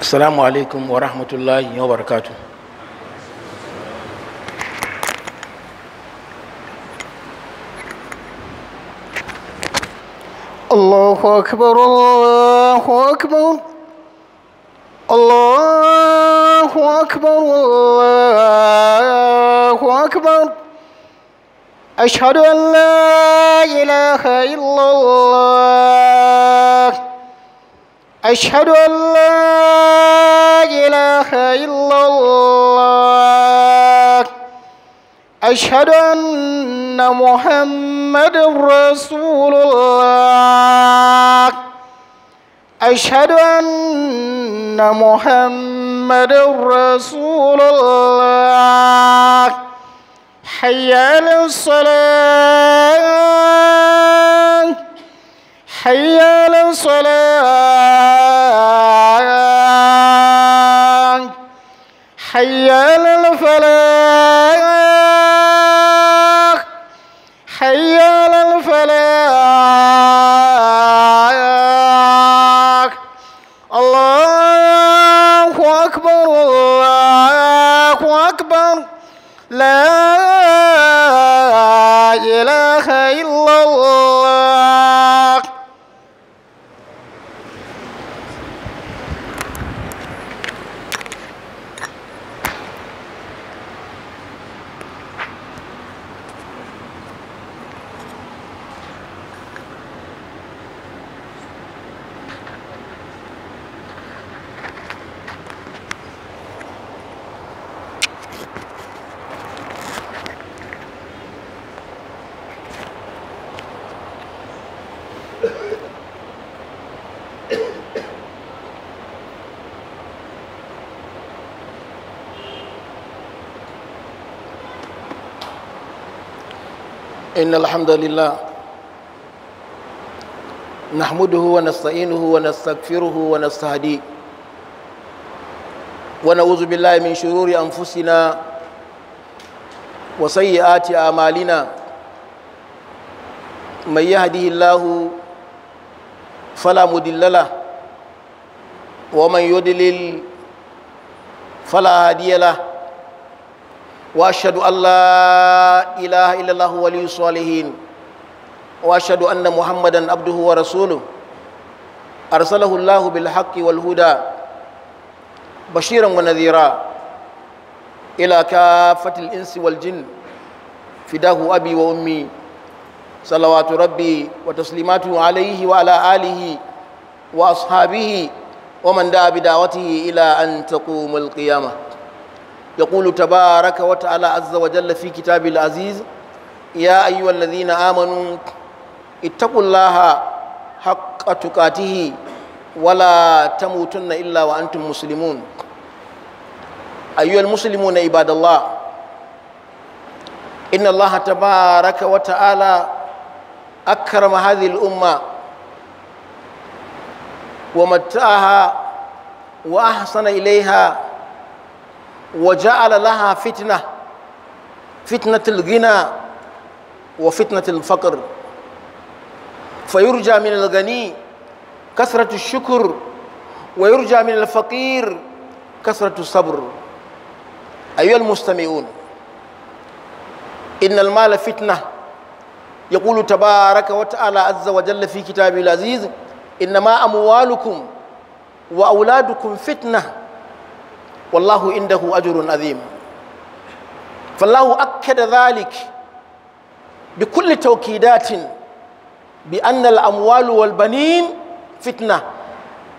السلام عليكم ورحمة الله وبركاته الله أكبر الله أكبر الله أكبر الله أكبر أشهد أن لا إله إلا الله أشهد أن لا إله إلا الله أشهد أن محمد رسول الله أشهد أن محمد رسول الله حي على الصلاة حي على الصلاة حي على إن الحمد لله نحمده ونستعينه ونستغفره ونستهديه ونعوذ بالله من شرور أنفسنا وسيئات أعمالنا من يهده الله فلا مضل له ومن يضلل فلا هادي له واشهد ان لا اله الا الله ولي الصالحين واشهد ان محمدا عبده ورسوله ارسله الله بالحق والهدى بشيرا ونذيرا الى كافه الانس والجن فداه ابي وامي صلوات ربي وتسليماته عليه وعلى آله وأصحابه ومن دعا بدعوته إلى أن تقوم القيامة يقول تبارك وتعالى عز وجل في كتاب العزيز يا أيها الذين آمنوا اتقوا الله حق تقاته ولا تموتن إلا وأنتم مسلمون أيها المسلمون عباد الله إن الله تبارك وتعالى أكرم هذه الأمة ومتعها وأحسن إليها وجعل لها فتنة فتنة الغنى وفتنة الفقر فيرجى من الغني كثرة الشكر ويرجى من الفقير كثرة الصبر أيها المستمعون إن المال فتنة يقول تبارك وتعالى عز وجل في كتابه العزيز إنما أموالكم وأولادكم فتنة والله عنده أجر عظيم فالله أكد ذلك بكل توكيدات بأن الأموال والبنين فتنة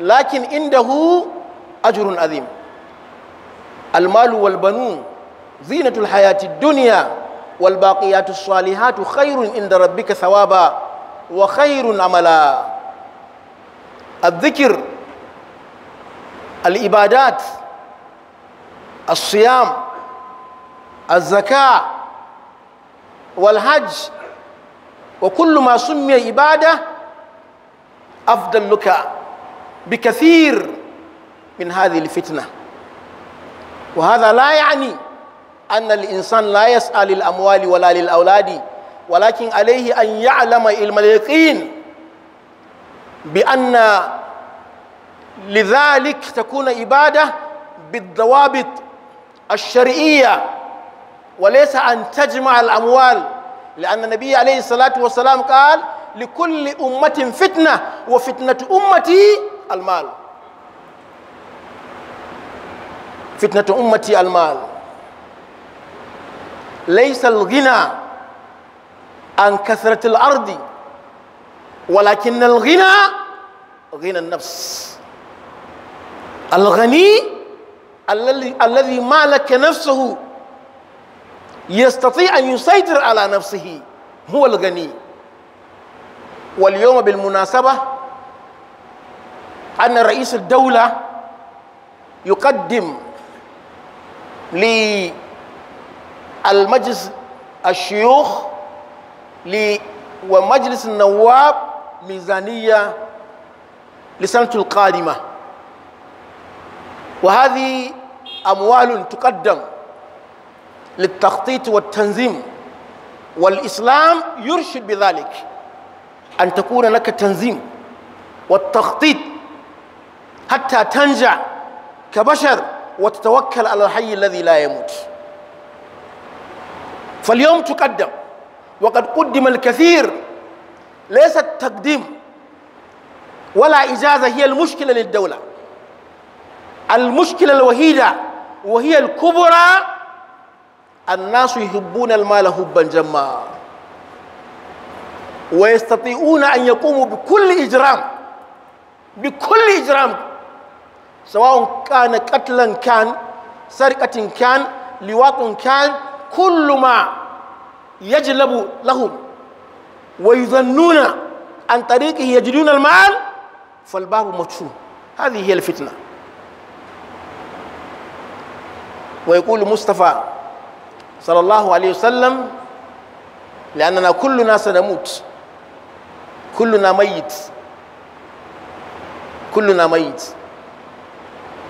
لكن عنده أجر عظيم المال والبنون زينة الحياة الدنيا والباقيات الصالحات خير عند ربك ثوابا وخير عملا الذكر العبادات الصيام الزكاة والحج وكل ما سمي عبادة أفضل لك بكثير من هذه الفتنة وهذا لا يعني أن الإنسان لا يسأل للأموال ولا للأولاد ولكن عليه أن يعلم علم اليقين بأن لذلك تكون عبادة بالضوابط الشرعية وليس أن تجمع الأموال لأن النبي عليه الصلاة والسلام قال لكل أمة فتنة وفتنة أمتي المال فتنة أمتي المال ليس الغنى عن كثرة الأرض ولكن الغنى غنى النفس الغني الذي الذي مالك نفسه يستطيع أن يسيطر على نفسه هو الغني واليوم بالمناسبة أن رئيس الدولة يقدم لي المجلس الشيوخ ومجلس النواب ميزانية لسنة القادمة وهذه أموال تقدم للتخطيط والتنظيم والإسلام يرشد بذلك أن تكون لك تنظيم والتخطيط حتى تنجع كبشر وتتوكل على الحي الذي لا يموت فاليوم تقدم وقد قدم الكثير ليس التقديم ولا إجازة هي المشكلة للدولة المشكلة الوحيدة وهي الكبرى الناس يحبون المال حبا جما ويستطيعون أن يقوموا بكل إجرام بكل إجرام سواء كان قتلا كان سرقة كان لواط كان كل ما يجلب لهم ويظنون عن طريقه يجدون المال فالباب مكشوف هذه هي الفتنة ويقول مصطفى صلى الله عليه وسلم لأننا كلنا سنموت كلنا ميت كلنا ميت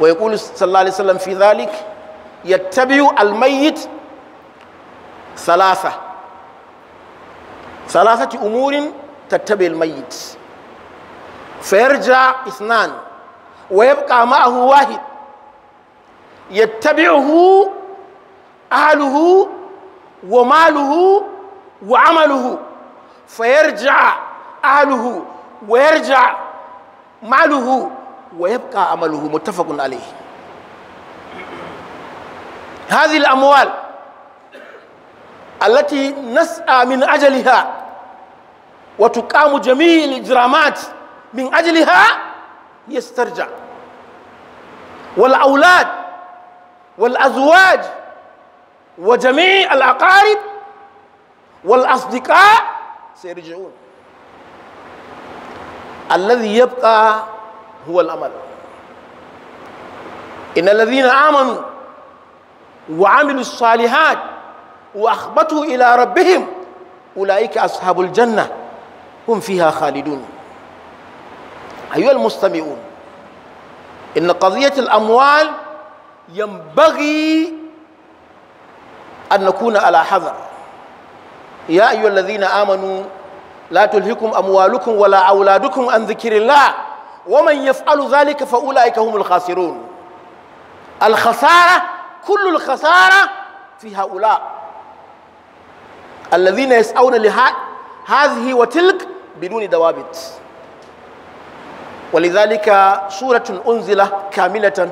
ويقول صلى الله عليه وسلم في ذلك يتبع الميت ثلاثة ثلاثة أمور تتبع الميت فيرجع اثنان ويبقى معه واحد يتبعه أهله وماله وعمله فيرجع أهله ويرجع ماله ويبقى عمله متفق عليه هذه الأموال التي نسعى من أجلها وتقام جميع الإجرامات من أجلها يسترجع والأولاد والأزواج وجميع الأقارب والأصدقاء سيرجعون الذي يبقى هو الأمل إن الذين آمنوا وعملوا الصالحات وأخبطوا إلى ربهم أولئك أصحاب الجنة هم فيها خالدون أيها المستمعون إن قضية الأموال ينبغي أن نكون على حذر يا أيها الذين آمنوا لا تلهكم أموالكم ولا أولادكم عن ذكر الله ومن يفعل ذلك فأولئك هم الخاسرون الخسارة كل الخسارة في هؤلاء الذين يسعون لهذه وتلك بدون دوابت ولذلك سورة أنزلة كاملة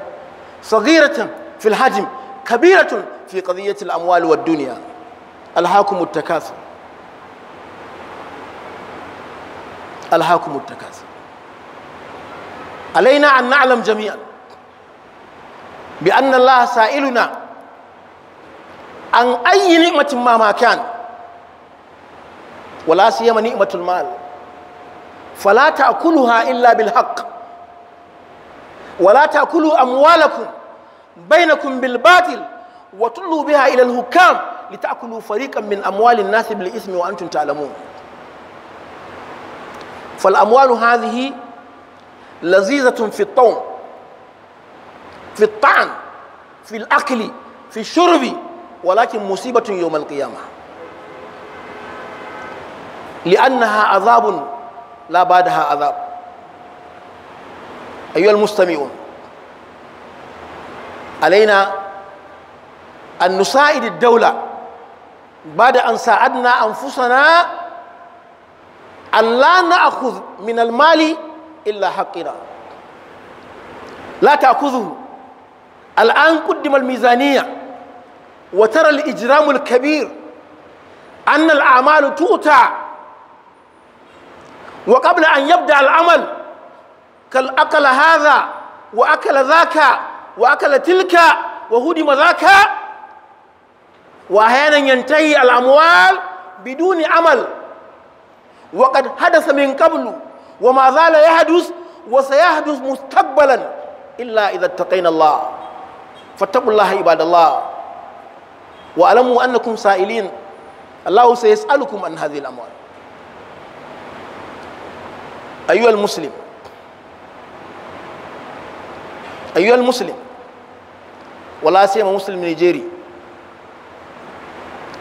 صغيرة في الحجم كبيرة في قضية الأموال والدنيا ألهاكم التكاثر ألهاكم التكاثر علينا أن نعلم جميعا بأن الله سائلنا عن أي نعمة ما, كان ولا سيما نعمة المال فلا تأكلها إلا بالحق ولا تأكلوا أموالكم بينكم بالباطل وتلوا بها إلى الحكام لتأكلوا فريقا من أموال الناس بالإثم وأنتم تعلمون فالأموال هذه لذيذة في الطعم في الطعن في الأكل في الشرب ولكن مصيبة يوم القيامة لأنها عذاب لا بعدها عذاب أيها المستمعون علينا أن نساعد الدولة بعد أن ساعدنا أنفسنا أن لا نأخذ من المال إلا حقنا لا تأخذه الآن قدم الميزانية وترى الإجرام الكبير أن الأعمال تؤتى وقبل أن يبدأ العمل كالأكل هذا وأكل ذاك وأكل تلك وهدم ذاك وأحيانا ينتهي الأموال بدون عمل وقد حدث من قبل وما زال يحدث وسيحدث مستقبلا إلا إذا اتقينا الله فاتقوا الله عباد الله واعلموا أنكم سائلين الله سيسألكم عن هذه الأموال أيها المسلم أيها المسلم ولا سيما مسلم نيجيري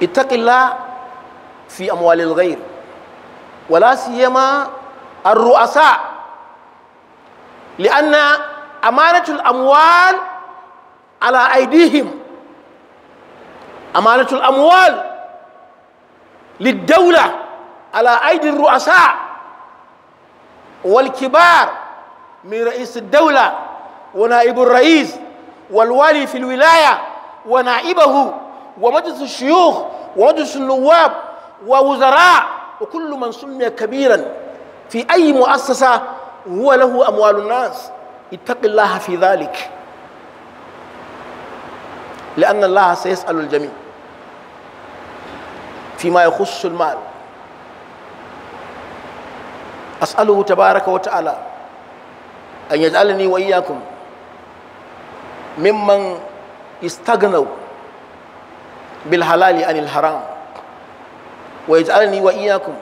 اتق الله في أموال الغير ولا سيما الرؤساء لأن أمانة الأموال على أيديهم أمانة الأموال للدولة على أيدي الرؤساء والكبار من رئيس الدولة ونائب الرئيس والوالي في الولاية ونائبه ومجلس الشيوخ ومجلس النواب ووزراء وكل من سمي كبيرا في أي مؤسسة هو له أموال الناس اتق الله في ذلك لأن الله سيسأل الجميع فيما يخص المال أسأله تبارك وتعالى أن يجعلني وإياكم ممن يستغنوا بالحلال عن الحرام ويجعلني وإياكم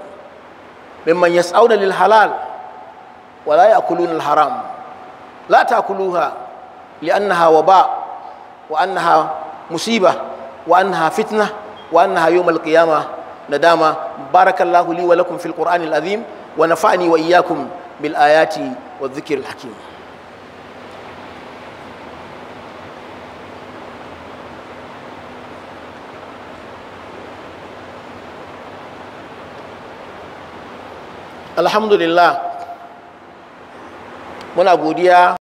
ممن يسعون للحلال ولا يأكلون الحرام لا تأكلوها لأنها وباء وأنها مصيبة وأنها فتنة وأنها يوم القيامة ندامة بارك الله لي ولكم في القرآن العظيم ونفعني وإياكم بالآيات والذكر الحكيم الحمد لله muna godiya